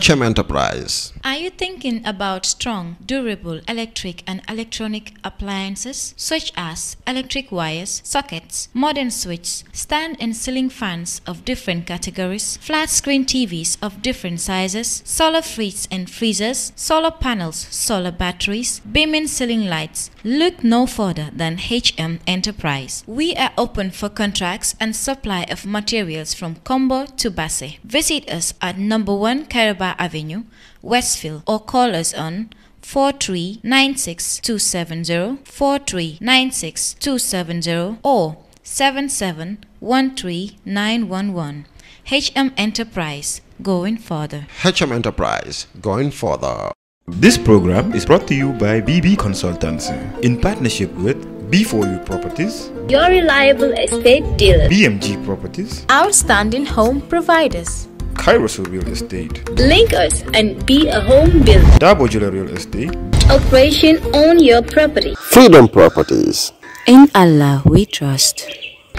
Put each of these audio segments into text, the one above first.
HM Enterprise. Are you thinking about strong, durable, electric and electronic appliances such as electric wires, sockets, modern switches, stand and ceiling fans of different categories, flat screen TVs of different sizes, solar fridges and freezers, solar panels, solar batteries, beaming ceiling lights. Look no further than HM Enterprise. We are open for contracts and supply of materials from Combo to Basse. Visit us at number 1 Caraba Avenue, Westfield or call us on 4396270, 4396270 or 7713911. HM Enterprise, going further. HM Enterprise, going further. This program is brought to you by BB Consultancy in partnership with B4U Properties, your reliable estate dealer, BMG Properties, outstanding home providers. Kairos Real Estate. Link us and be a home builder. Dabojula Real Estate. Operation on Your Property. Freedom Properties. In Allah we trust.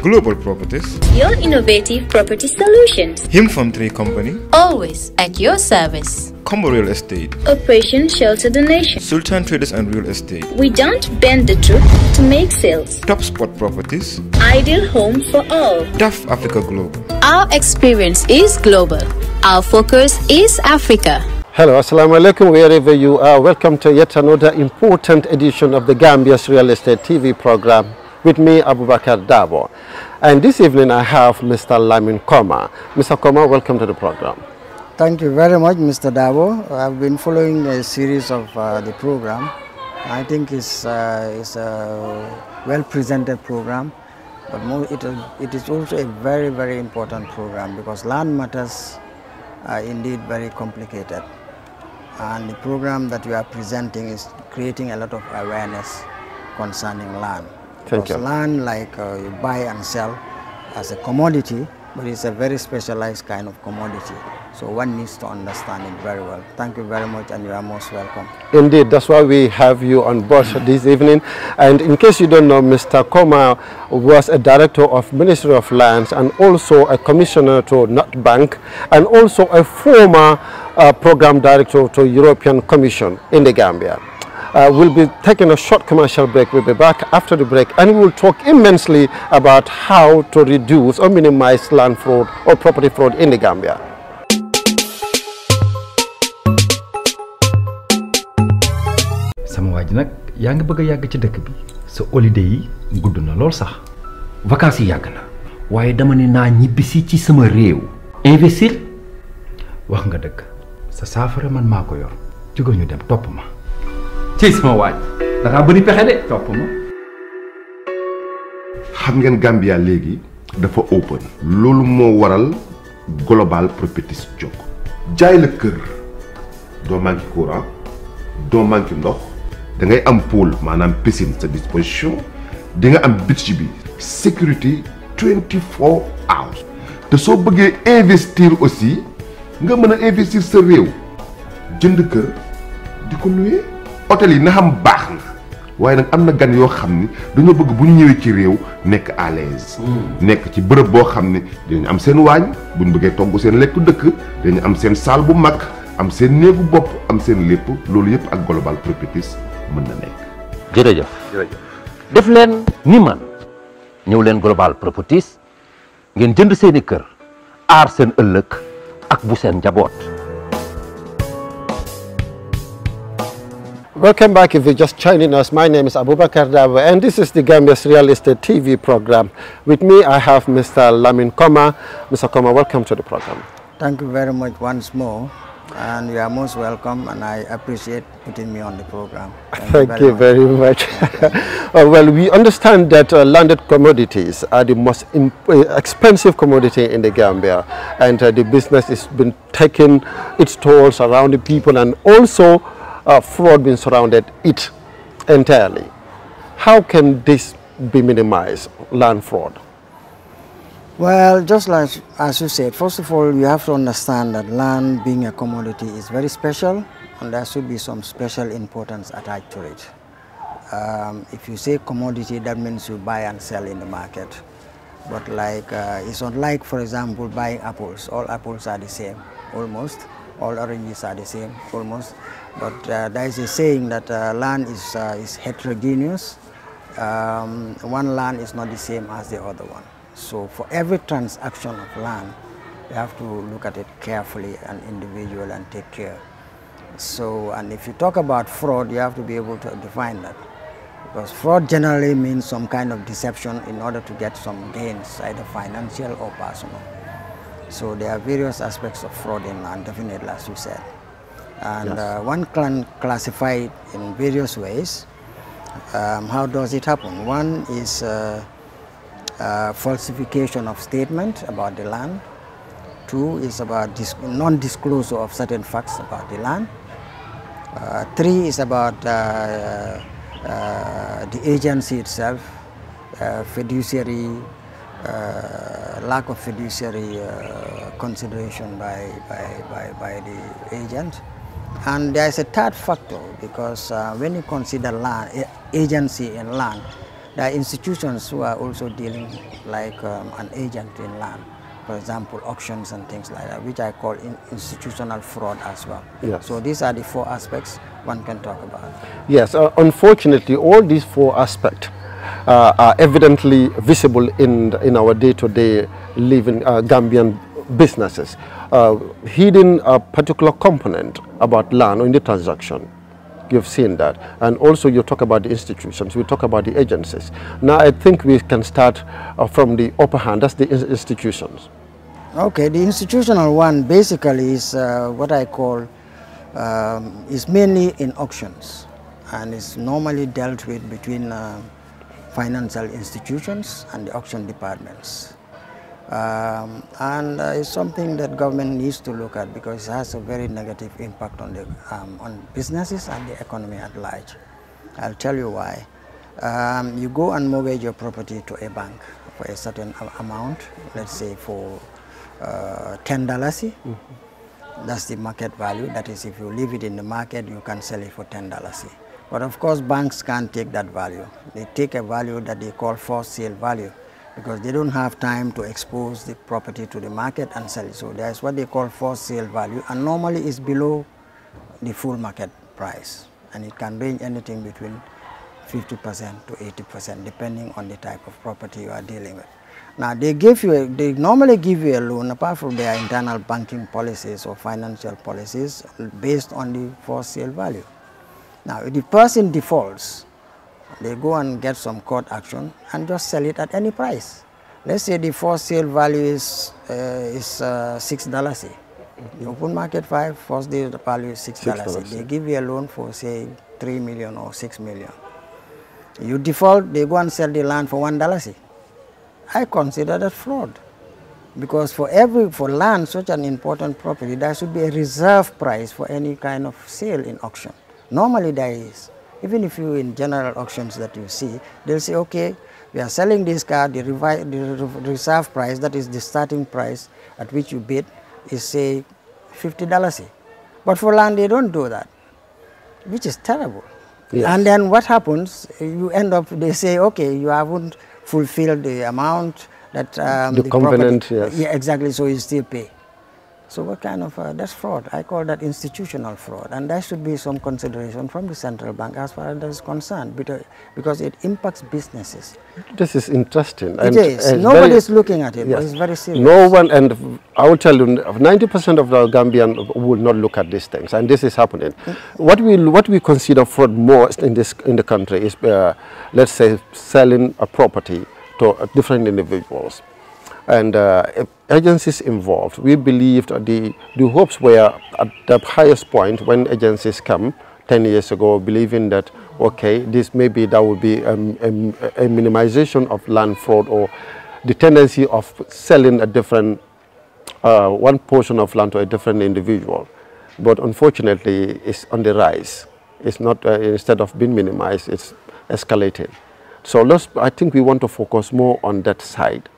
Global Properties, your innovative property solutions. Him from Three Company, always at your service. Combo Real Estate, Operation Shelter Donation, Sultan Traders and Real Estate. We don't bend the truth to make sales. Top Spot Properties, ideal home for all. DAF Africa Global. Our experience is global. Our focus is Africa. Hello, Assalamualaikum. alaikum, wherever you are. Welcome to yet another important edition of the Gambia's Real Estate TV program. With me, Abubakar Dabo. And this evening I have Mr. Lamin Koma. Mr. Koma, welcome to the program. Thank you very much, Mr. Dabo. I've been following a series of uh, the program. I think it's, uh, it's a well-presented program, but more, it, it is also a very, very important program because land matters are indeed very complicated. And the program that we are presenting is creating a lot of awareness concerning land. Thank because you. land like uh, you buy and sell as a commodity, but it's a very specialized kind of commodity. So one needs to understand it very well. Thank you very much and you are most welcome. Indeed, that's why we have you on board this evening. And in case you don't know, Mr. Koma was a director of Ministry of Lands and also a commissioner to Nut Bank and also a former uh, program director to European Commission in the Gambia. Uh, we'll be taking a short commercial break. We'll be back after the break and we'll talk immensely about how to reduce or minimize land fraud or property fraud in the Gambia. sama waa ji nag yaa ngi bëgg a yàgg ci dëkk bi sa holiday yi gudd na lool sax vacances yàgg na dama ci sama réew investir wax nga sa saafara man maa yor jógal dem ma Chase mo wad. Nakabuni pa kanit, kapo mo. Xam ngeen Gambia legi dafa open. Lolu mo waral global properties jog. Jaay le keur do manki courant, do manki ndox, da ngay am pool manam piscine sa disposition, di nga am bitch bi security 24 hours. Te so beugé investir aussi, nga meuna investir sa rew. Jënd keur di ko nuyé hôtel yi naxam baax na waaye nag am na gan yoo xam ni dañoo bëgg bu ñu ñëwee ci réew nekk à l' aise. nekk ci bërëb boo xam ne dinañ am seen waañ buñ bëggee togg seen lekk dëkk dañu am seen saal bu mag am seen néegu bopp am seen lépp loolu yëpp ak global propétis mën na nekk. jërëjëf def leen ni man ñëw leen global propétis ngeen jënd seen i kër aar seen ëllëg ak bu seen njaboot. Welcome back if you're just joining us. My name is Abubakar Dawa and this is the Gambia's Real Estate TV program. With me I have Mr. Lamin Koma. Mr. Koma, welcome to the program. Thank you very much once more and you are most welcome and I appreciate putting me on the program. Thank, Thank you very you much. Very much. uh, well, we understand that uh, landed commodities are the most uh, expensive commodity in the Gambia and uh, the business has been taking its tolls around the people and also uh, fraud being surrounded it entirely. How can this be minimized, land fraud? Well, just like as you said, first of all, you have to understand that land being a commodity is very special and there should be some special importance attached to it. Um, if you say commodity, that means you buy and sell in the market. But like, uh, it's unlike, for example, buying apples. All apples are the same, almost. All oranges are the same, almost. But uh, there is a saying that uh, land is, uh, is heterogeneous. Um, one land is not the same as the other one. So for every transaction of land, you have to look at it carefully and individual and take care. So, and if you talk about fraud, you have to be able to define that. Because fraud generally means some kind of deception in order to get some gains, either financial or personal. So there are various aspects of fraud in land, definitely, as you said and yes. uh, one can classify it in various ways. Um, how does it happen? One is uh, uh, falsification of statement about the land. Two is about non-disclosure of certain facts about the land. Uh, three is about uh, uh, the agency itself, fiduciary, lack of fiduciary consideration by, by, by, by the agent. And there is a third factor because uh, when you consider land, agency in land, there are institutions who are also dealing like um, an agent in land, for example, auctions and things like that, which I call in institutional fraud as well. Yes. So these are the four aspects one can talk about. Yes, uh, unfortunately, all these four aspects uh, are evidently visible in, in our day-to-day -day living uh, Gambian businesses uh, hidden a particular component about land in the transaction. You've seen that. And also you talk about the institutions, we talk about the agencies. Now I think we can start uh, from the upper hand, that's the institutions. Okay, the institutional one basically is uh, what I call, um, is mainly in auctions and is normally dealt with between uh, financial institutions and the auction departments. Um, and uh, it's something that government needs to look at because it has a very negative impact on the um, on businesses and the economy at large. I'll tell you why. Um, you go and mortgage your property to a bank for a certain amount, let's say for uh, ten dollars. Mm -hmm. That's the market value. That is, if you leave it in the market, you can sell it for ten dollars. But of course, banks can't take that value. They take a value that they call for sale value because they don't have time to expose the property to the market and sell it. So there is what they call forced sale value and normally it's below the full market price and it can range anything between 50% to 80% depending on the type of property you are dealing with. Now they give you, a, they normally give you a loan apart from their internal banking policies or financial policies based on the forced sale value. Now if the person defaults, they go and get some court action and just sell it at any price. Let's say the first sale value is, uh, is uh, $6. dollars eh? mm -hmm. The open market five, first day the value is $6. $6 eh? they give you a loan for say 3 million or 6 million. You default, they go and sell the land for $1. Eh? I consider that fraud because for every for land such an important property there should be a reserve price for any kind of sale in auction normally there is even if you in general auctions that you see, they'll say, okay, we are selling this car, the, the reserve price, that is the starting price at which you bid, is say $50. But for land, they don't do that, which is terrible. Yes. And then what happens, you end up, they say, okay, you haven't fulfilled the amount that um, the, the component, property, yes. Yeah, exactly, so you still pay. So what kind of, uh, that's fraud. I call that institutional fraud. And there should be some consideration from the central bank as far as that is concerned because it impacts businesses. This is interesting. It is. Nobody is looking at it, yes. it's very serious. No one, and I will tell you, 90% of the Gambian will not look at these things, and this is happening. Mm. What we, what we consider fraud most in, this, in the country is, uh, let's say, selling a property to different individuals. And uh, agencies involved, we believed the, the hopes were at the highest point when agencies come 10 years ago, believing that, okay, this maybe that would be a, um, um, a, a minimization of land fraud or the tendency of selling a different, uh, one portion of land to a different individual. But unfortunately, it's on the rise. It's not, uh, instead of being minimized, it's escalated. So I think we want to focus more on that side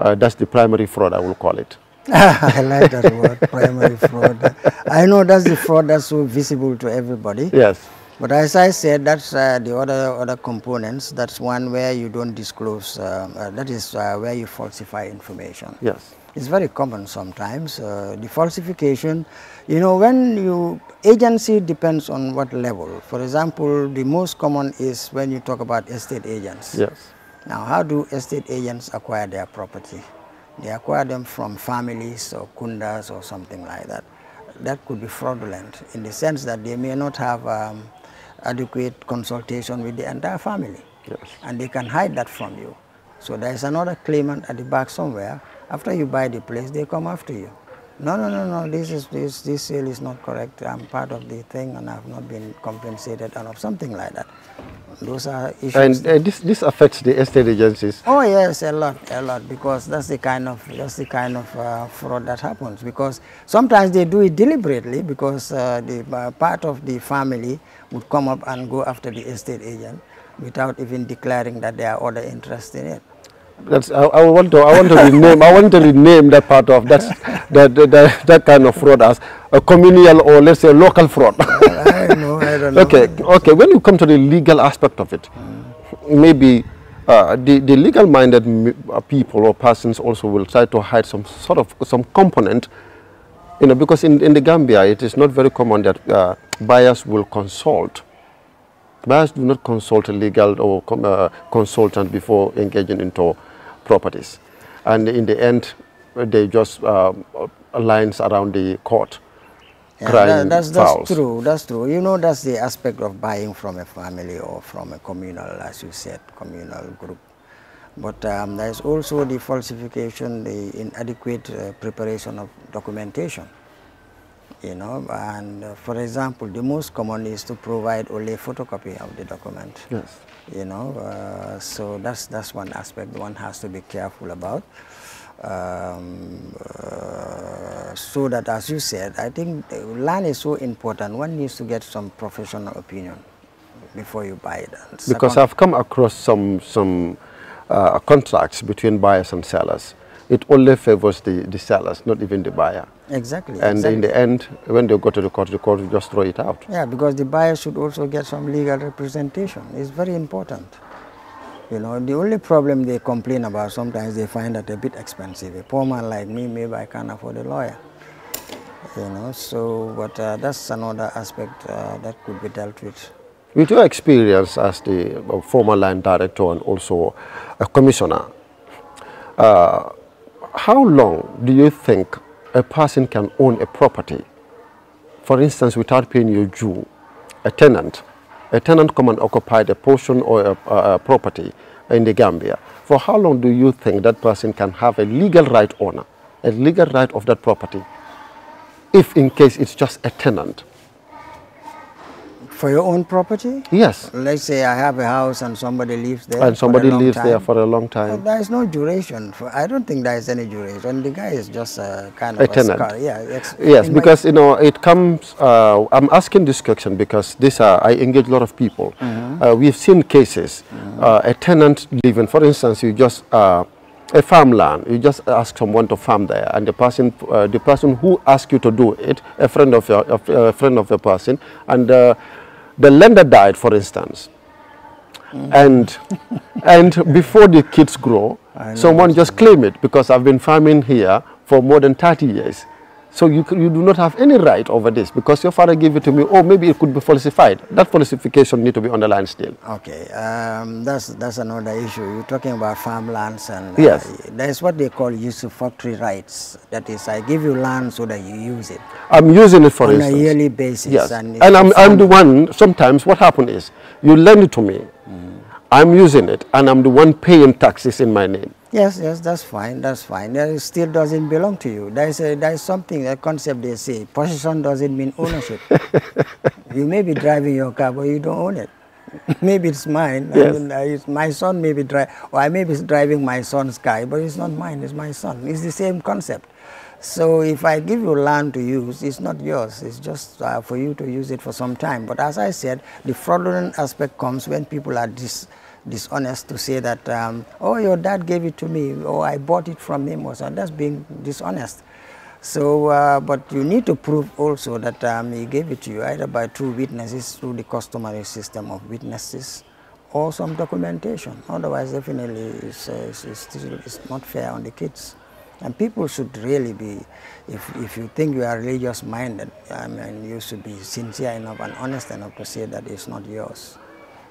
uh, that's the primary fraud, I will call it. I like that word, primary fraud. I know that's the fraud that's so visible to everybody. Yes. But as I said, that's uh, the other other components. That's one where you don't disclose. Um, uh, that is uh, where you falsify information. Yes. It's very common sometimes. Uh, the falsification, you know, when you agency depends on what level. For example, the most common is when you talk about estate agents. Yes now, how do estate agents acquire their property? They acquire them from families or kundas or something like that. That could be fraudulent in the sense that they may not have um, adequate consultation with the entire family. Yes. And they can hide that from you. So there is another claimant at the back somewhere. After you buy the place, they come after you. No, no, no, no, this, is, this, this sale is not correct. I'm part of the thing and I've not been compensated and something like that. Those are issues. And this, this affects the estate agencies? Oh yes, a lot, a lot, because that's the kind of, that's the kind of uh, fraud that happens. Because sometimes they do it deliberately because uh, the uh, part of the family would come up and go after the estate agent without even declaring that there are other interests in it that's I, I, want to I want to rename I want to rename that part of that that, that, that kind of fraud as a communal or let's say a local fraud. I know, I don't know. Okay, okay. When you come to the legal aspect of it, maybe uh, the, the legal-minded uh, people or persons also will try to hide some sort of some component, you know, because in, in the Gambia it is not very common that uh, buyers will consult. Buyers do not consult a legal or uh, consultant before engaging into properties. And in the end, they just um, uh, lines around the court. Yeah, that, that's, that's true. That's true. You know, that's the aspect of buying from a family or from a communal, as you said, communal group. But um, there is also the falsification, the inadequate uh, preparation of documentation. You know, and uh, for example, the most common is to provide only a photocopy of the document. Yes you know. Uh, so that's that's one aspect one has to be careful about. Um, uh, so that, as you said, I think land is so important. One needs to get some professional opinion before you buy it. because I've come across some some uh, contracts between buyers and sellers it only favors the, the sellers, not even the buyer. Exactly. And exactly. in the end, when they go to the court, the court will just throw it out. Yeah, because the buyer should also get some legal representation. It's very important. You know, the only problem they complain about sometimes they find that a bit expensive. A poor man like me, maybe I can't afford a lawyer. You know, so, but uh, that's another aspect uh, that could be dealt with. With your experience as the uh, former land director and also a commissioner, uh, how long do you think a person can own a property? For instance, without paying your due, a tenant. A tenant come and occupy a portion or a, a, a property in the Gambia. For how long do you think that person can have a legal right owner, a legal right of that property, if in case it's just a tenant? For your own property? Yes. Let's say I have a house and somebody lives there. And somebody lives time. there for a long time. there is no duration. For, I don't think there is any duration. The guy is just a kind of a, a tenant. Scar. Yeah. Yes, because you know it comes. Uh, I'm asking this question because this uh, I engage a lot of people. Mm -hmm. uh, we've seen cases. Mm -hmm. a tenant living, for instance, you just uh, a farmland. You just ask someone to farm there, and the person, uh, the person who asked you to do it, a friend of your, a uh, friend of the person, and uh, the lender died, for instance, mm. and and before the kids grow, someone just claim it because I've been farming here for more than 30 years. So you, you do not have any right over this because your father gave it to me. Oh, maybe it could be falsified. That falsification need to be underlined still. Okay, um, that's that's another issue. You're talking about farmlands and uh, yes, that's what they call usufructory rights. That is, I give you land so that you use it. I'm using it for on instance. a yearly basis. Yes, and, and I'm I'm the one. Sometimes what happens is you lend it to me. Mm. I'm using it, and I'm the one paying taxes in my name. Yes, yes, that's fine, that's fine. It still doesn't belong to you. There is, a, there is something, a concept they say, possession doesn't mean ownership. you may be driving your car, but you don't own it. maybe it's mine. Yes. I mean, uh, it's my son may be driving, or I may be driving my son's car, but it's not mine, it's my son. It's the same concept. So if I give you land to use, it's not yours. It's just uh, for you to use it for some time. But as I said, the fraudulent aspect comes when people are dis dishonest to say that, um, oh, your dad gave it to me, or oh, I bought it from him, or so. That's being dishonest. So, uh, but you need to prove also that um, he gave it to you either by two witnesses through the customary system of witnesses or some documentation. Otherwise, definitely, it's, uh, it's, it's, it's not fair on the kids. And people should really be, if, if you think you are religious minded, I mean, you should be sincere enough and honest enough to say that it's not yours.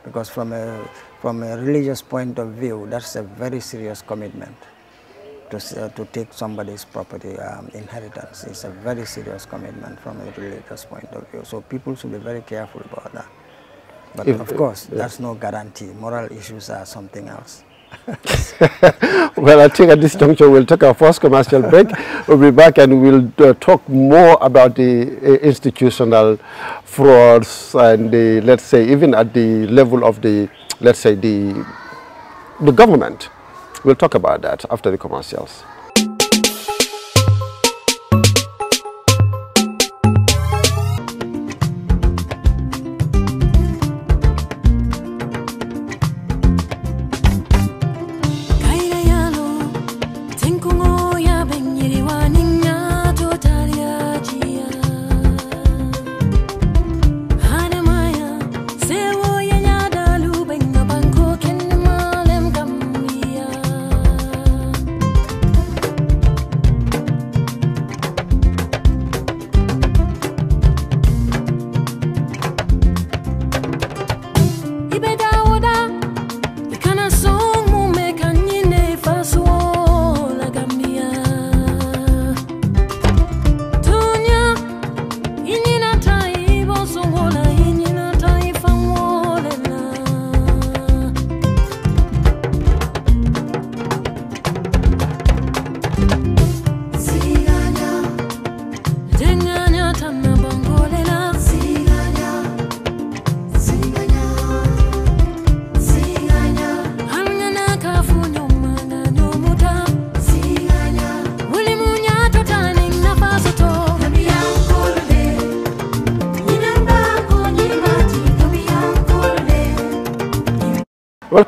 Because from a from a religious point of view, that's a very serious commitment to, uh, to take somebody's property um, inheritance. It's a very serious commitment from a religious point of view. So people should be very careful about that. But if, of course, if, that's no guarantee. Moral issues are something else. well, I think at this juncture we'll take our first commercial break. We'll be back and we'll uh, talk more about the uh, institutional frauds and the, let's say, even at the level of the let's say, the, the government. We'll talk about that after the commercials.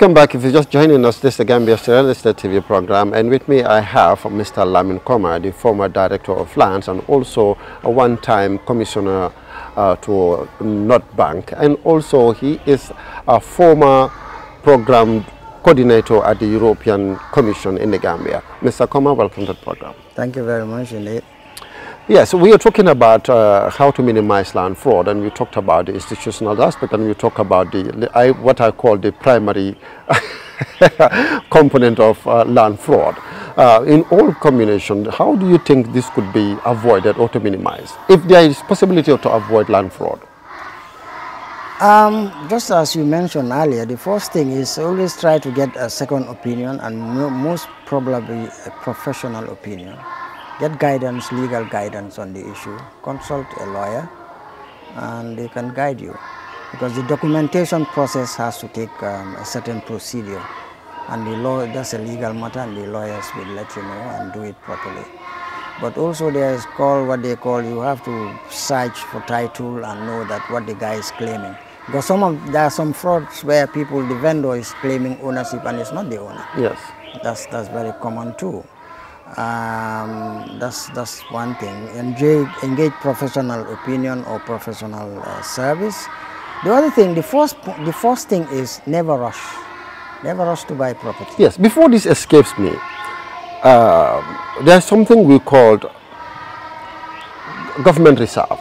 Welcome back. If you're just joining us, this is the Gambia Sierra State TV program, and with me I have Mr. Lamin Koma, the former director of lands and also a one-time commissioner uh, to Not Bank, and also he is a former program coordinator at the European Commission in the Gambia. Mr. Koma, welcome to the program. Thank you very much indeed. Yes, we are talking about uh, how to minimize land fraud, and we talked about the institutional aspect, and we talked about the, the I, what I call the primary component of uh, land fraud. Uh, in all combination, how do you think this could be avoided or to minimize, if there is possibility to avoid land fraud? Um, just as you mentioned earlier, the first thing is always try to get a second opinion and most probably a professional opinion get guidance, legal guidance on the issue, consult a lawyer and they can guide you. Because the documentation process has to take um, a certain procedure and the law, that's a legal matter and the lawyers will let you know and do it properly. But also there is called what they call, you have to search for title and know that what the guy is claiming. Because some of, there are some frauds where people, the vendor is claiming ownership and it's not the owner. Yes. That's, that's very common too. Um, that's that's one thing. Engage, engage professional opinion or professional uh, service. The other thing, the first the first thing is never rush, never rush to buy property. Yes. Before this escapes me, uh, there's something we called government reserved.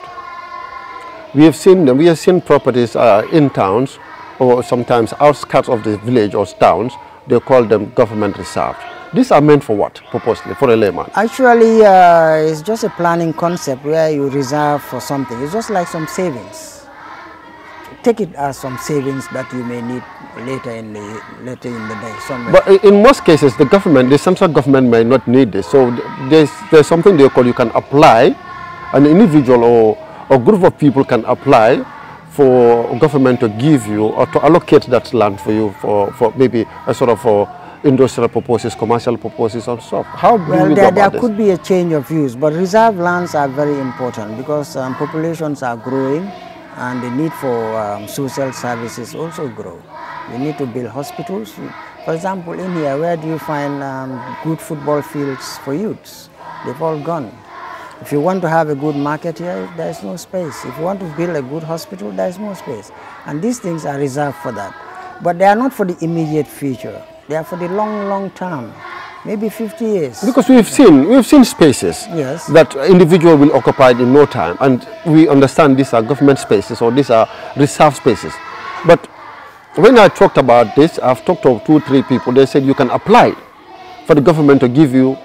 We have seen them. We have seen properties uh, in towns or sometimes outskirts of the village or towns. They call them government reserved these are meant for what purposely for a layman? Actually, uh, it's just a planning concept where you reserve for something. It's just like some savings. Take it as some savings that you may need later in the later in the day. Somewhere. But in most cases, the government, the Samsung government, may not need this. So there's there's something they call you can apply, an individual or a group of people can apply for government to give you or to allocate that land for you for, for maybe a sort of a, industrial purposes, commercial purposes and stuff. How do well, we there, there could be a change of use, but reserve lands are very important because um, populations are growing and the need for um, social services also grow. We need to build hospitals. For example, in here, where do you find um, good football fields for youths? They've all gone. If you want to have a good market here, there is no space. If you want to build a good hospital, there is no space. And these things are reserved for that. But they are not for the immediate future. There for the long, long term, maybe 50 years. Because we've seen, we've seen spaces yes. that individual will occupy in no time. And we understand these are government spaces or these are reserve spaces. But when I talked about this, I've talked to two, three people. They said you can apply for the government to give you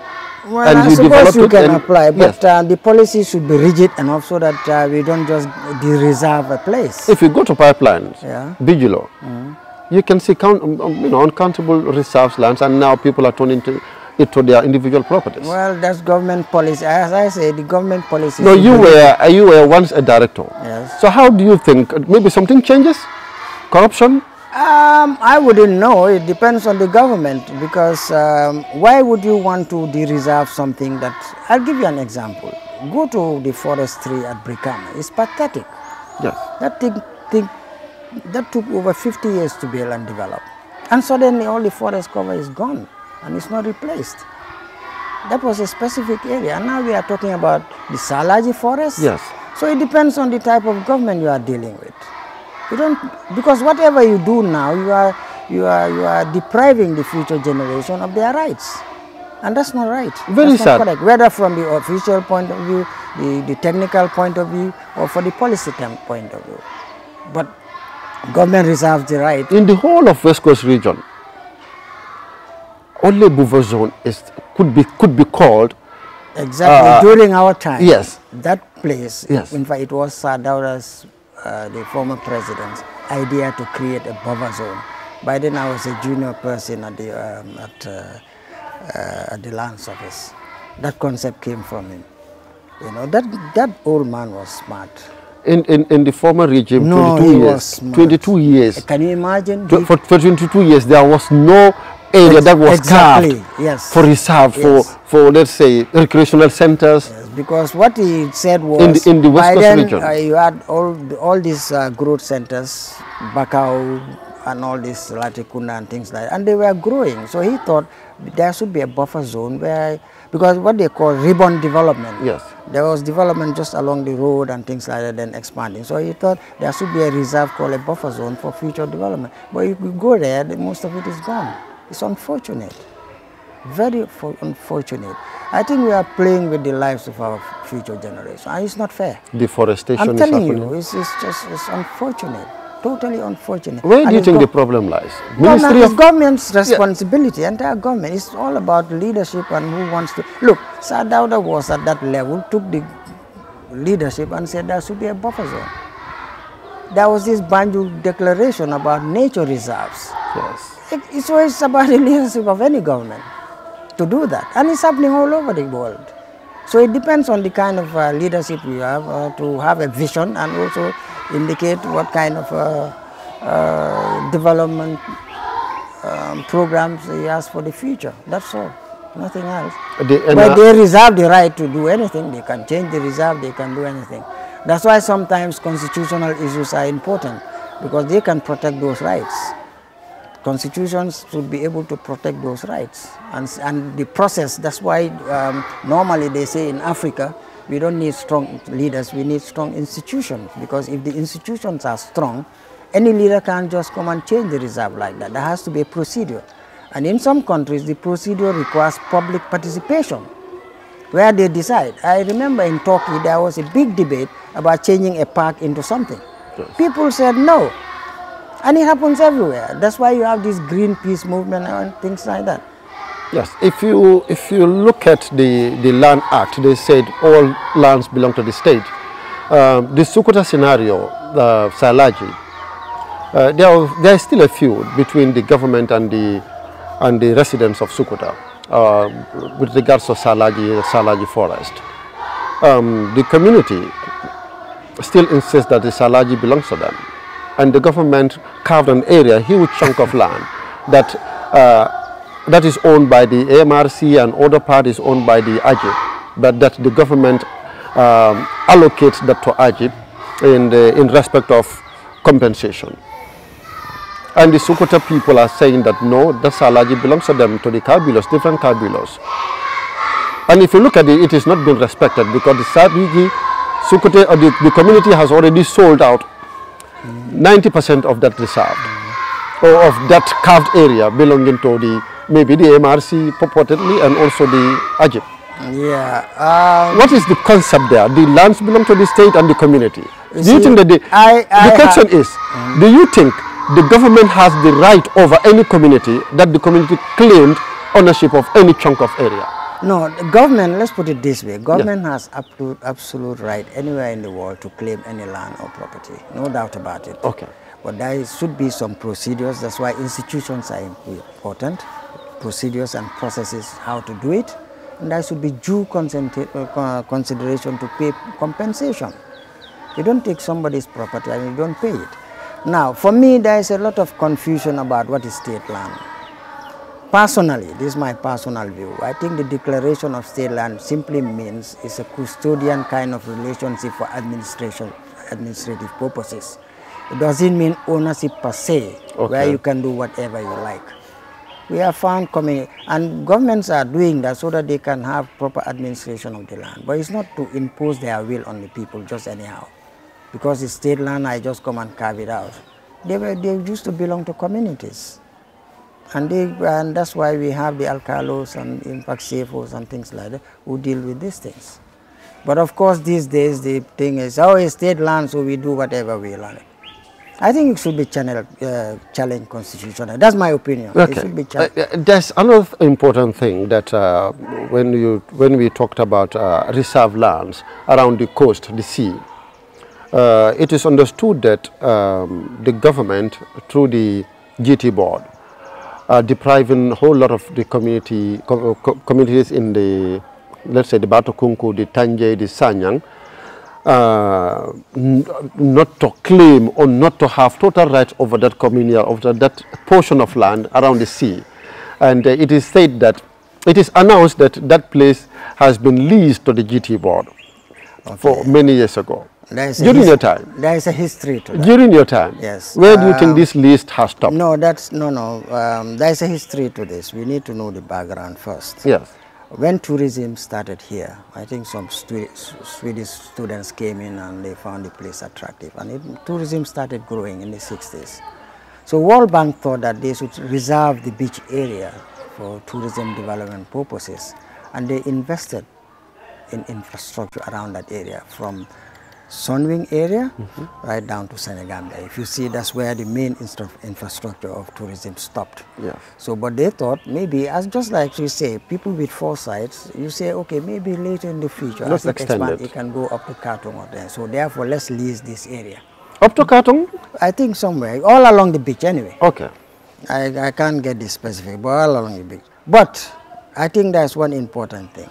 well, and I you suppose you can apply, but yes. uh, the policy should be rigid enough so that uh, we don't just de-reserve a place. If you go to pipelines, yeah. Bigelow, mm -hmm you can see count, um, um, you know, uncountable reserves lands and now people are turning to it to their individual properties. Well, that's government policy. As I say, the government policy. No, you were, you were once a director. Yes. So how do you think, uh, maybe something changes? Corruption? Um, I wouldn't know. It depends on the government because um, why would you want to de-reserve something that... I'll give you an example. Go to the forestry at Brikama. It's pathetic. Yes. That thing, thing that took over 50 years to build and develop. And suddenly all the forest cover is gone and it's not replaced. That was a specific area. And now we are talking about the Salaji forest. Yes. So it depends on the type of government you are dealing with. You don't because whatever you do now, you are you are you are depriving the future generation of their rights. And that's not right. Very that's sad. correct. Whether from the official point of view, the, the technical point of view, or for the policy point of view. But Government reserves the right. In the whole of West Coast region, only buffer zone is, could, be, could be called Exactly. Uh, During our time, yes, that place, yes. in fact, it was Sadaura's, uh, the former president's idea to create a buffer zone. By then, I was a junior person at the um, at, uh, uh at the land office. That concept came from him. You know, that that old man was smart in, in, in the former regime, no, 22 years. 22 years. Can you imagine? Tw for, for 22 years, there was no area that was exactly, carved yes. for reserve yes. for for let's say recreational centers yes, because what he said was in the, in the west coast region uh, you had all all these uh, growth centers Bakau and all these latikuna and things like that and they were growing so he thought there should be a buffer zone where because what they call ribbon development. Yes. There was development just along the road and things like that, then expanding. So you thought there should be a reserve called a buffer zone for future development. But if you go there, most of it is gone. It's unfortunate, very unfortunate. I think we are playing with the lives of our future generation, and it's not fair. Deforestation I'm telling you, it's, it's just it's unfortunate totally unfortunate. Where do you think the problem lies? Ministry of government's responsibility, yeah. entire government. It's all about leadership and who wants to. Look, Sadauda was at that level, took the leadership and said there should be a buffer zone. There was this Banjul declaration about nature reserves. Yes. It, it's always about the leadership of any government to do that. And it's happening all over the world. So it depends on the kind of uh, leadership you have uh, to have a vision and also indicate what kind of uh, uh, development um, programs they ask for the future. That's all, nothing else. The, but uh, they reserve the right to do anything. They can change the reserve, they can do anything. That's why sometimes constitutional issues are important because they can protect those rights. Constitutions should be able to protect those rights and, and the process. That's why um, normally they say in Africa, we don't need strong leaders, we need strong institutions because if the institutions are strong, any leader can't just come and change the reserve like that. There has to be a procedure. And in some countries, the procedure requires public participation where they decide. I remember in Turkey, there was a big debate about changing a park into something. Yes. People said no. And it happens everywhere. That's why you have this Greenpeace movement and things like that. Yes, if you, if you look at the, the Land Act, they said all lands belong to the state. Um, the Sukuta scenario, the uh, Salaji, uh, there, are, there is still a feud between the government and the, and the residents of Sukuta uh, with regards to Salaji, Salaji forest. Um, the community still insists that the Salaji belongs to them. And the government carved an area, a huge chunk of land that uh, that is owned by the AMRC and other part is owned by the AGIP, but that the government um, allocates that to AGIP in, the, in respect of compensation. And the Sukuta people are saying that no, that Salaji belongs to them, to the Kabilos, different Kabilos. And if you look at it, it is not being respected because the Sadigi, Sukute, or the, the community has already sold out 90% of that reserve, or of that carved area belonging to the maybe the MRC purportedly and also the Agip. Yeah. Um, what is the concept there? The lands belong to the state and the community. Do you think that the, I, I the question have, is, mm. do you think the government has the right over any community that the community claimed ownership of any chunk of area? No, the government, let's put it this way, government yeah. has absolute, absolute right anywhere in the world to claim any land or property, no doubt about it. Okay. But there should be some procedures, that's why institutions are important procedures and processes how to do it and there should be due uh, consideration to pay compensation. You don't take somebody's property and you don't pay it. Now, for me, there is a lot of confusion about what is state land. Personally, this is my personal view, I think the declaration of state land simply means it's a custodian kind of relationship for administration, administrative purposes. It doesn't mean ownership per se, okay. where you can do whatever you like we have found coming and governments are doing that so that they can have proper administration of the land but it's not to impose their will on the people just anyhow because it's state land i just come and carve it out they were they used to belong to communities and they and that's why we have the alcalos and impact CFOs and things like that who deal with these things but of course these days the thing is oh it's state land so we do whatever we like I think it should be channel, uh, challenged constitutionally. That's my opinion. Okay. Uh, uh, there's another important thing that uh, when, you, when we talked about uh, reserve lands around the coast, the sea, uh, it is understood that um, the government, through the GT board, are depriving a whole lot of the community, communities in the, let's say, the Batukunku, the Tanje, the Sanyang, uh, not to claim or not to have total rights over that communal, over that portion of land around the sea. And uh, it is said that, it is announced that that place has been leased to the GT board okay. for many years ago. During your time? There is a history to that. During your time? Yes. Where um, do you think um, this list has stopped? No, that's, no, no. Um, there is a history to this. We need to know the background first. Yes when tourism started here, I think some Swedish students came in and they found the place attractive. And it, tourism started growing in the 60s. So World Bank thought that they should reserve the beach area for tourism development purposes. And they invested in infrastructure around that area from Sunwing area, mm -hmm. right down to Senegambia. If you see, that's where the main infrastructure of tourism stopped. Yeah. So, but they thought maybe, as just like you say, people with foresight, you say, okay, maybe later in the future, Let's as it it can go up to Katong or there. So, therefore, let's lease this area. Up to Katong? I think somewhere, all along the beach anyway. Okay. I, I can't get this specific, but all along the beach. But I think that's one important thing.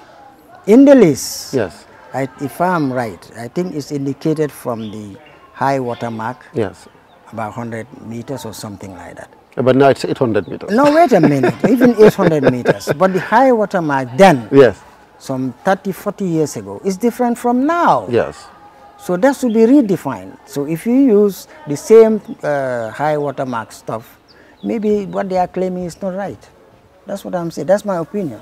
In the lease, yes. I, if I'm right, I think it's indicated from the high water mark. Yes. About 100 meters or something like that. But now it's 800 meters. No, wait a minute. Even 800 meters. But the high water mark then, yes. some 30, 40 years ago, is different from now. Yes. So that should be redefined. So if you use the same uh, high water mark stuff, maybe what they are claiming is not right. That's what I'm saying. That's my opinion.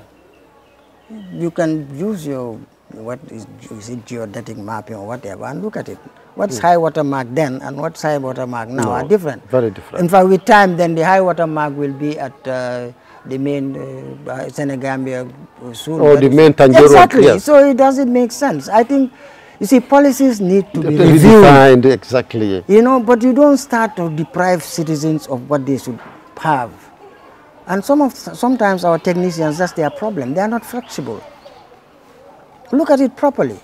You can use your what is, is it geodetic mapping or whatever, and look at it. What's mm. high water mark then and what's high water mark now no, are different. Very different. In fact, with time, then the high water mark will be at uh, the main uh, uh Senegambia uh, soon. Or oh, the main Tangier. Exactly. Yes. So it doesn't make sense. I think, you see, policies need to be reviewed. Defined, exactly. You know, but you don't start to deprive citizens of what they should have. And some of, sometimes our technicians, that's their problem. They are not flexible look at it properly.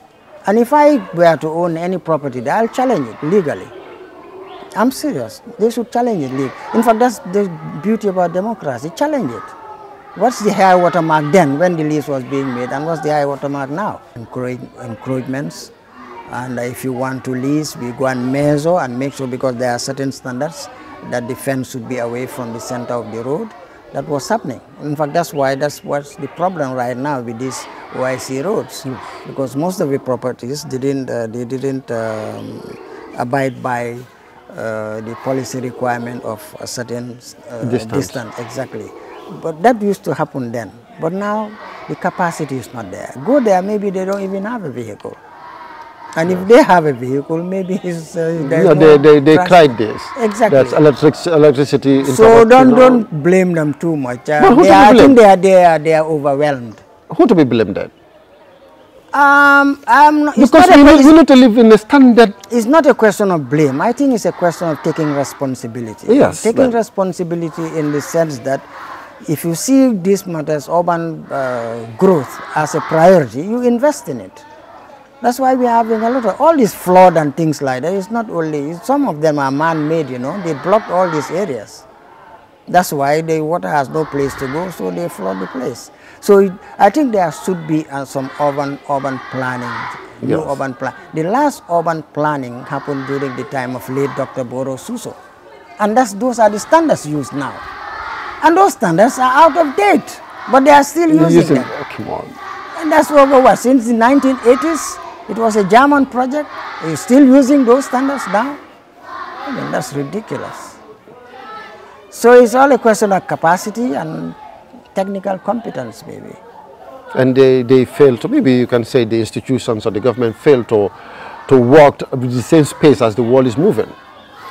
And if I were to own any property, I'll challenge it legally. I'm serious. They should challenge it. legally. In fact, that's the beauty about democracy. Challenge it. What's the high water mark then when the lease was being made and what's the high water mark now? Encroachments, and if you want to lease, we go and measure and make sure because there are certain standards that the fence should be away from the center of the road that was happening. In fact, that's why that's what's the problem right now with these YC roads, mm. because most of the properties didn't uh, they didn't um, abide by uh, the policy requirement of a certain uh, distance. distance. Exactly, but that used to happen then. But now the capacity is not there. Go there, maybe they don't even have a vehicle. And yeah. if they have a vehicle, maybe he's. Uh, yeah, they, they, they cried this. Exactly. That's electric, electricity. So don't don't blame them too much. Uh, but who they, are, I think they are they are they are overwhelmed. Who to be blame then? Um, I'm not, because not we, a, we need to live in a standard. It's not a question of blame. I think it's a question of taking responsibility. Yes. Taking responsibility in the sense that if you see these matters, urban uh, growth, as a priority, you invest in it. That's why we're having a lot of all these flood and things like that. It's not only, some of them are man-made, you know. They blocked all these areas. That's why the water has no place to go, so they flood the place. So I think there should be uh, some urban urban planning, yes. new urban plan. The last urban planning happened during the time of late Dr. Boro Suso. And that's, those are the standards used now. And those standards are out of date, but they are still You're using, using them. and that's what were since the 1980s. It was a German project. Are you still using those standards now. I mean, that's ridiculous. So it's all a question of capacity and technical competence, maybe. And they, they failed maybe you can say the institutions or the government failed to, to work at the same pace as the world is moving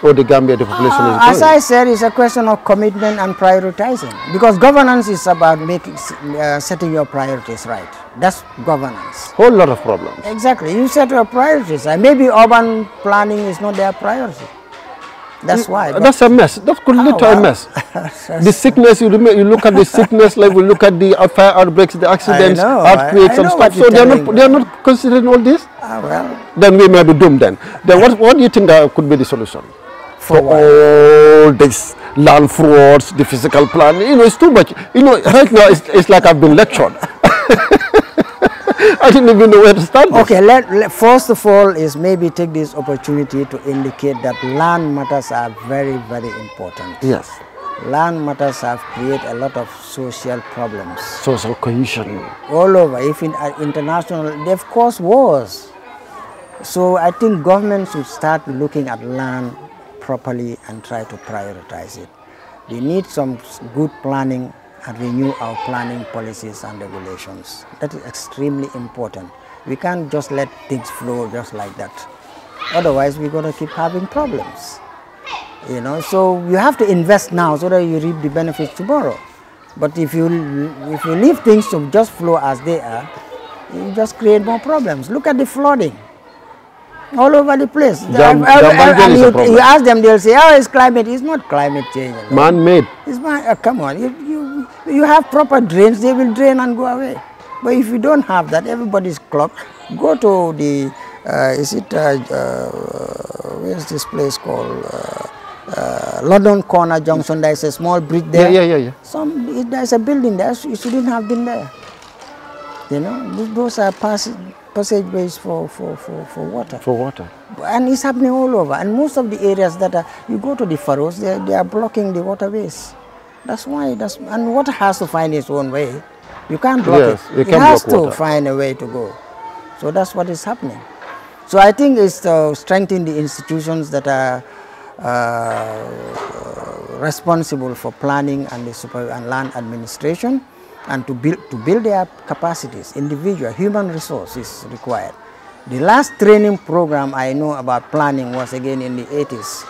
or the Gambia, the population uh, As I said, it's a question of commitment and prioritizing. Because governance is about making, uh, setting your priorities right. That's governance. Whole lot of problems. Exactly. You set your priorities. maybe urban planning is not their priority. That's mm, why. Uh, that's a mess. That's ah, a little oh, a mess. the sickness, you, you look at the sickness Like we look at the uh, fire outbreaks, the accidents, know, earthquakes I, I and stuff. So they are, not, they are not considering all this? Ah, well. Then we may be doomed then. Then what, what do you think uh, could be the solution? for all this land frauds, the physical plan. You know, it's too much. You know, right now it's, it's like I've been lectured. I didn't even know where to start. This. Okay, let, let, first of all is maybe take this opportunity to indicate that land matters are very, very important. Yes. Land matters have created a lot of social problems. Social cohesion. All over, even uh, international, they've caused wars. So I think governments should start looking at land properly and try to prioritize it. We need some good planning and renew our planning policies and regulations. That is extremely important. We can't just let things flow just like that. Otherwise, we're going to keep having problems. You know, so you have to invest now so that you reap the benefits tomorrow. But if you, if you leave things to just flow as they are, you just create more problems. Look at the flooding all over the place. Jam, you, you, ask them, they'll say, oh, it's climate. It's not climate change. Man-made. It's man, oh, come on. If you, you have proper drains, they will drain and go away. But if you don't have that, everybody's clogged. Go to the, uh, is it, uh, uh, where's this place called? Uh, uh, London Corner Junction, there's a small bridge there. Yeah, yeah, yeah. yeah. Some, there's a building there, You shouldn't have been there. You know, those are past passageways for, for, for, for water. For water. And it's happening all over. And most of the areas that are, you go to the furrows, they, they are blocking the waterways. That's why, that's, and water has to find its own way. You can't block yes, it. it can has block to water. find a way to go. So that's what is happening. So I think it's to uh, strengthen the institutions that are uh, uh, responsible for planning and, the super and land administration and to build, to build their capacities, individual human resource is required. The last training program I know about planning was again in the 80s.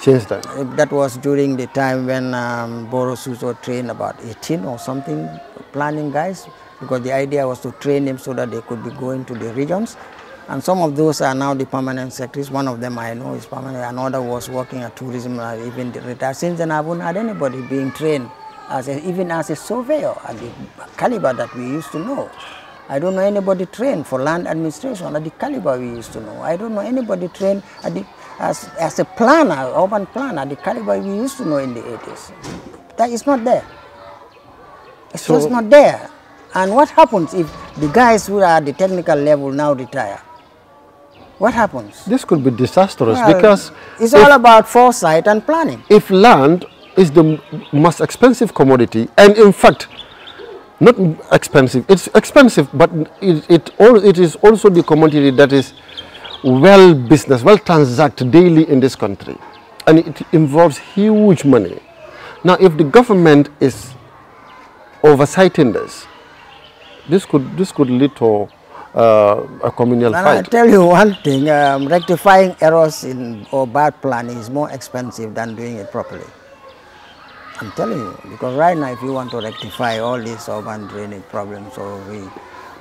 Since then? Uh, that was during the time when um, Boro Suso trained about 18 or something planning guys because the idea was to train them so that they could be going to the regions. And some of those are now the permanent secretaries. One of them I know is permanent. Another was working at tourism, uh, even retired. Since then, I haven't had anybody being trained as a, even as a surveyor at the caliber that we used to know. I don't know anybody trained for land administration at the caliber we used to know. I don't know anybody trained the, as, as a planner, urban planner, the caliber we used to know in the 80s. That is not there. It's so, just not there. And what happens if the guys who are at the technical level now retire? What happens? This could be disastrous well, because... It's all about foresight and planning. If land is the most expensive commodity and in fact not expensive it's expensive but it, it, all, it is also the commodity that is well business well transacted daily in this country and it involves huge money now if the government is oversighting this this could this could lead to uh, a communal and fight. I tell you one thing: um, rectifying errors in or bad plan is more expensive than doing it properly. I'm telling you, because right now if you want to rectify all these urban drainage problems or re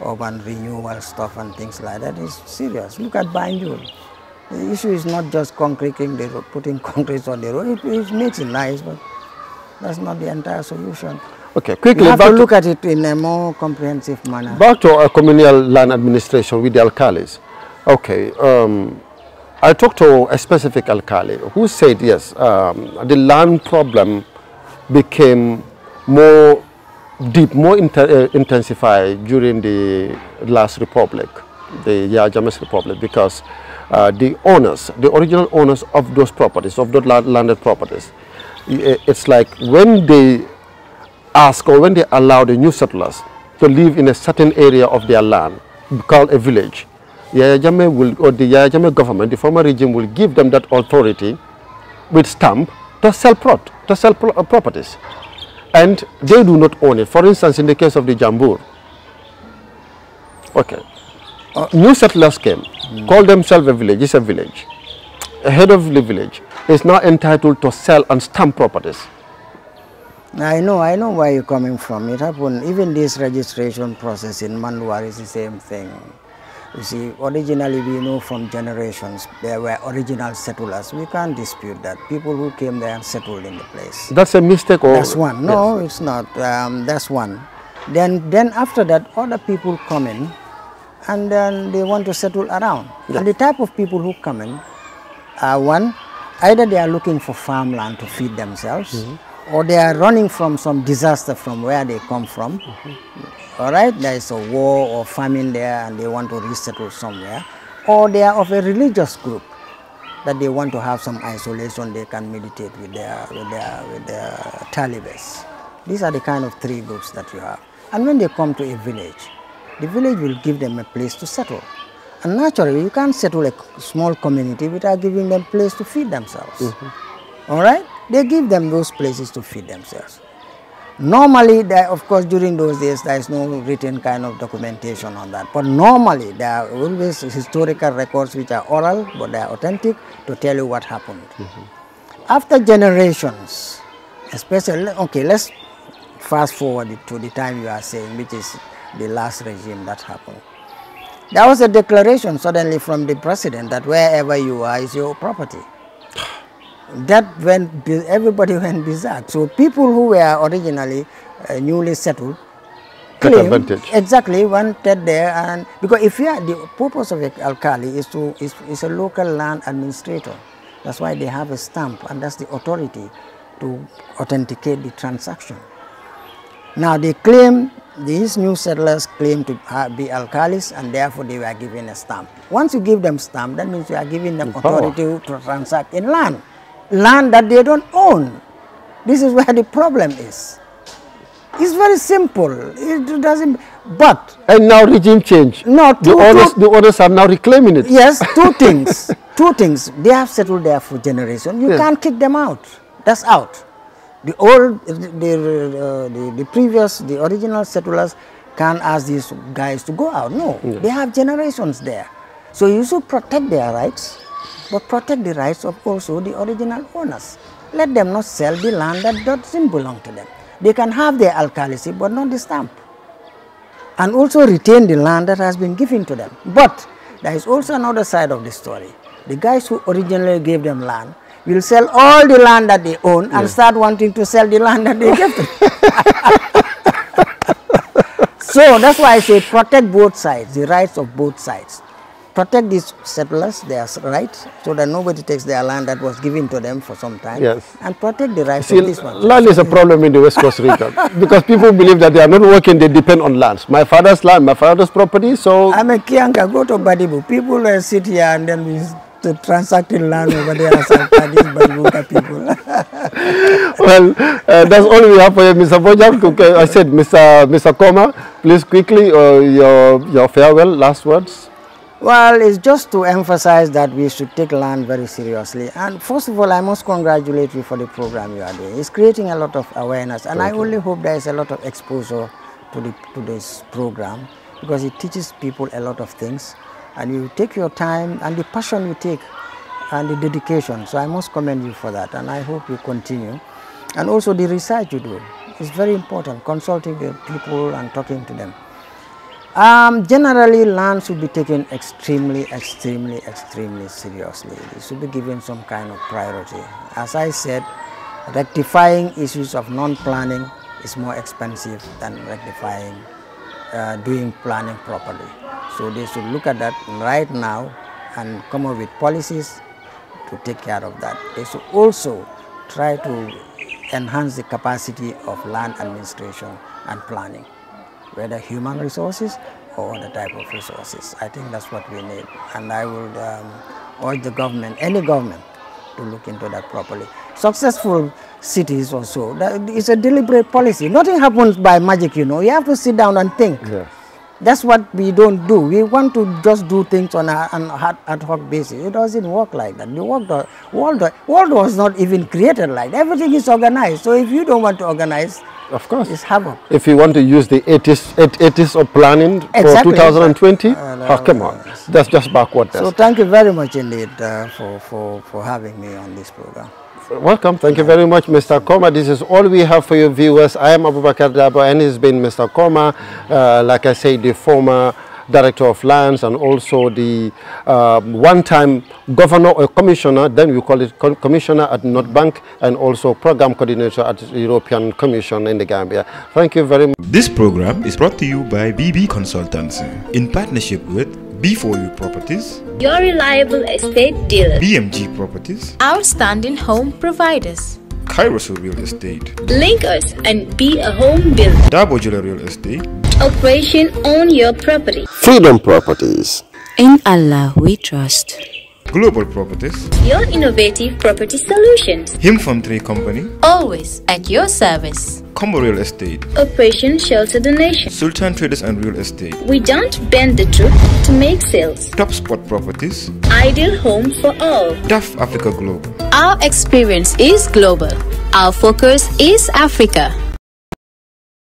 urban renewal stuff and things like that, it's serious. Look at Banjul. The issue is not just concreting the road, putting concrete on the road. It, it makes it nice, but that's not the entire solution. Okay, quickly. You have to look at it in a more comprehensive manner. Back to our communal land administration with the alcalis. Okay, um, I talked to a specific alcali who said, yes, um, the land problem became more deep, more inter, uh, intensified during the last republic, the Yajames Republic, because uh, the owners, the original owners of those properties, of those landed properties, it's like when they ask or when they allow the new settlers to live in a certain area of their land, called a village, Ya'jamé will, or the Ya'jamé government, the former regime will give them that authority with stamp to sell plot to sell pro uh, properties. And they do not own it. For instance, in the case of the Jambur, okay, uh, new settlers came, mm. called themselves a village, it's a village. A head of the village is now entitled to sell and stamp properties. I know, I know where you're coming from. It happened, even this registration process in Manwar is the same thing. You see, originally we know from generations there were original settlers. We can't dispute that. People who came there and settled in the place. That's a mistake or? That's one. No, yes. it's not. Um, that's one. Then, then after that, other people come in and then they want to settle around. Yes. And the type of people who come in are one, either they are looking for farmland to feed themselves mm -hmm. or they are running from some disaster from where they come from. Mm -hmm all right there is a war or famine there and they want to resettle somewhere or they are of a religious group that they want to have some isolation they can meditate with their with their with their talibans these are the kind of three groups that you have and when they come to a village the village will give them a place to settle and naturally you can't settle a small community without giving them place to feed themselves mm -hmm. all right they give them those places to feed themselves Normally, there, of course, during those days, there is no written kind of documentation on that. But normally, there are always historical records which are oral, but they are authentic to tell you what happened. Mm -hmm. After generations, especially, okay, let's fast forward to the time you are saying, which is the last regime that happened. There was a declaration suddenly from the president that wherever you are is your property that went, everybody went berserk. So people who were originally uh, newly settled claim exactly wanted there and because if you are the purpose of alkali is to is, is a local land administrator that's why they have a stamp and that's the authority to authenticate the transaction now they claim these new settlers claim to uh, be alkalis and therefore they were given a stamp once you give them stamp that means you are giving them authority to transact in land land that they don't own. This is where the problem is. It's very simple. It doesn't. But and now regime change. No, two, the owners. the owners are now reclaiming it. Yes, two things. Two things. They have settled there for generation. You yes. can't kick them out. That's out. The old, the the, uh, the, the previous, the original settlers can't ask these guys to go out. No, yes. they have generations there. So you should protect their rights but protect the rights of also the original owners. Let them not sell the land that doesn't belong to them. They can have their alkalicy, but not the stamp. And also retain the land that has been given to them. But there is also another side of the story. The guys who originally gave them land will sell all the land that they own and start wanting to sell the land that they gave them. so that's why I say protect both sides, the rights of both sides protect these settlers, their rights, so that nobody takes their land that was given to them for some time. Yes. And protect the rights See, of these ones. Land is a problem in the West Coast region because people believe that they are not working, they depend on land. My father's land, my father's property, so... I'm a Kianga. go to Badibu. People uh, sit here and then we to transacting land over there as people. well, uh, that's all we have for you, Mr. Bojang. Okay, I said, Mr. Mr. Koma, please quickly uh, your your farewell, last words. Well, it's just to emphasize that we should take land very seriously. And first of all, I must congratulate you for the program you are doing. It's creating a lot of awareness. And Thank I you. only hope there is a lot of exposure to, the, to this program because it teaches people a lot of things. And you take your time and the passion you take and the dedication. So I must commend you for that. And I hope you continue. And also the research you do is very important, consulting the people and talking to them. Um, generally, land should be taken extremely, extremely, extremely seriously. It should be given some kind of priority. As I said, rectifying issues of non-planning is more expensive than rectifying, uh, doing planning properly. So they should look at that right now and come up with policies to take care of that. They should also try to enhance the capacity of land administration and planning whether human resources or other type of resources. I think that's what we need. And I would um, urge the government, any government, to look into that properly. Successful cities also, it's a deliberate policy. Nothing happens by magic, you know. You have to sit down and think. That's what we don't do. We want to just do things on an ad hoc basis. It doesn't work like that. The world, world, world was not even created like that. Everything is organized. So if you don't want to organize, of course. It's havoc. If you want to use the 80s, 80s of planning exactly. for 2020, uh, oh, come on. That's just backwardness. So thank you very much indeed uh, for, for, for having me on this program. Welcome. Thank you very much, Mr. Koma. This is all we have for your viewers. I am Abubakar Dabo, and it's been Mr. Koma, uh, like I said, the former director of lands and also the uh, one-time governor or commissioner, then we call it commissioner at North Bank and also program coordinator at European Commission in the Gambia. Thank you very much. This program is brought to you by BB Consultancy in partnership with B4U Properties, your reliable estate dealer, BMG Properties, outstanding home providers, Kairosu Real Estate, link us and be a home builder, Double J Real Estate, Operation on Your Property, Freedom Properties. In Allah we trust. Global Properties, your innovative property solutions. Him from Tree Company, always at your service. Combo Real Estate, Operation Shelter Donation, Sultan Traders and Real Estate. We don't bend the truth to make sales. Top Spot Properties, ideal home for all. Tough Africa Global. Our experience is global. Our focus is Africa.